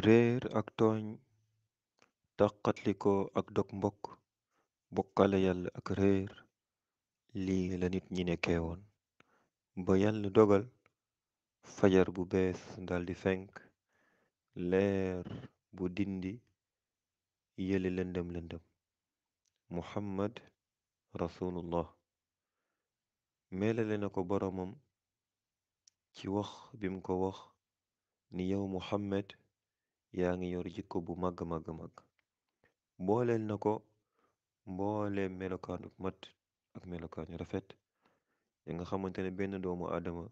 réer ak tooñ taqatlikoo ak dog mbokk bokkale yàlla ak réer lii la nit ñi nekkeewoon ba yàlla dogal fajar bu bees daldi fenk leer bu dindi yële lëndëm lëndëm muhammad rasulullah melale na ko boromam ci wax bim ko wax ni yow muhammad yaa ngi yor jikko bu màgg màgg màgg booleel na ko mboole melokaanu mat ak melokaanu rafet ya nga xamante ne benn doomu aadama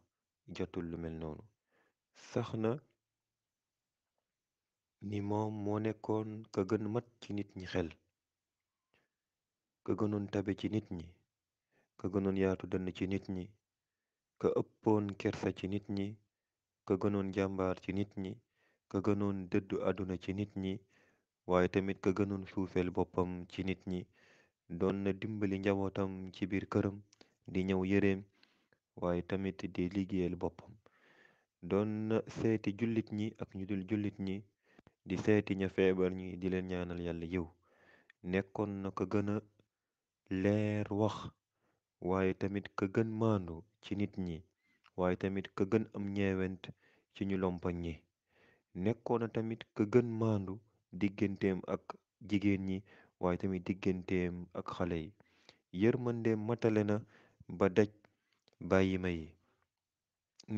jotul lu mel noonu sax na ni moom moo nekkoon ka gën mat ci nit ñi xel ka gënoon tabe ci nit ñi ka gënoon yaatu dënn ci nit ñi ka ëppoon kersa ci nit ñi ka gënoon jàmbaar ci nit ñi ka gënoon dëddu àdduna ci nit ñi waaye tamit ka gënoon suufeel boppam ci nit ñi doon na dimbali njabootam ci biir këram di ñëw yëreem waye tamit di liggéeyal boppam doon na seeti jullit ñi ak ñu dul jullit ñi di seeti ña feebar ñi di leen ñaanal yàlla yiw nekkoon na ka gën a leer wax waaye tamit ka gën maandu ci nit ñi waaye tamit ka gën am ñeewent ci ñu lompañ ñi nekkoon na tamit ka gën maandu digganteem ak jigéen ñi waaye tamit digganteem ak xale yi yërmandeem matale na ba daj bàyyi ma yi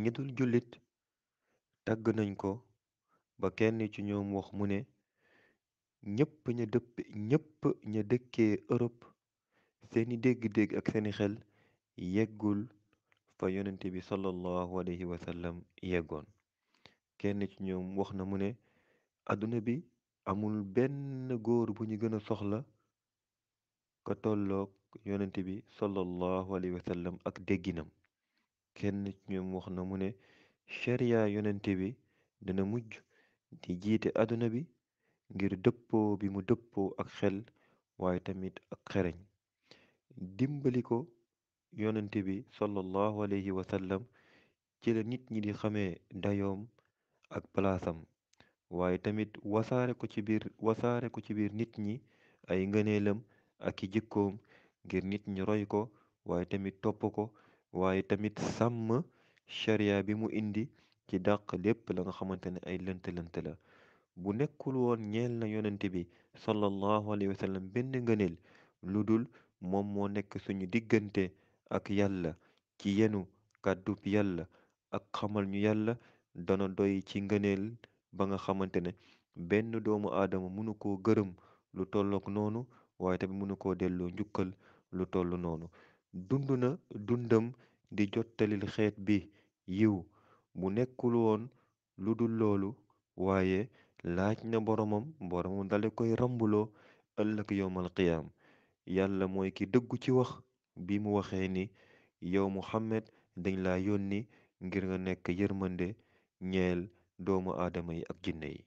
ñi jullit tàgg nañ ko ba kenn ci ñoom wax mu ne ñépp ña dëpp ñépp ña dëkkee Europe seeni dégg-dégg ak seeni xel yeggul fa yonente bi sallallahu alayhi wa yégoon kenn ci ñoom wax na mu ne àdduna bi amul benn góor bu ñu gën a soxla ka tollook yonent bi sallallahu alayhi wa ak dégginam kenn ci ñoom wax na mu ne sharia yonent bi dana mujj di jiite àdduna bi ngir dëppoo bi mu dëppoo ak xel waaye tamit ak xereñ dimbali ko yonent bi sallallahu alayhi wa sallam ci la nit ñi di xamee dayoom ak palaasam waaye tamit wasaare ko ci biir nit ñi ay ngëneelam ak i jikkoom ngir nit ñi roy ko waaye tamit topp ko waaye tamit sàmm sharia bi mu indi ci dàq lépp la nga xamante ne ay lënt-lënt la bu nekkul woon ñeel na yonent bi sallallahu alayhi wa benn ngëneel lu dul moom moo nekk suñu diggante ak yàlla ci yenu kàddub yàlla ak xamal ñu yàlla dona doy ci ngëneel ba nga xamante ne benn doomu aadama mënu koo gërëm lu tollook noonu waaye tamit mënu koo delloo njukkal lu toll noonu dund dundam di jottali xeet bi yiw mu nekkul woon lu dul loolu waaye laaj na boromam boromam dale koy rambuloo ëllëg yowmal qiyaam yàlla mooy ki dëggu ci wax bi mu waxee ni yow Muhammad dañ laa yónni ngir nga nekk yërmande ñeel doomu aadama yi ak jinne yi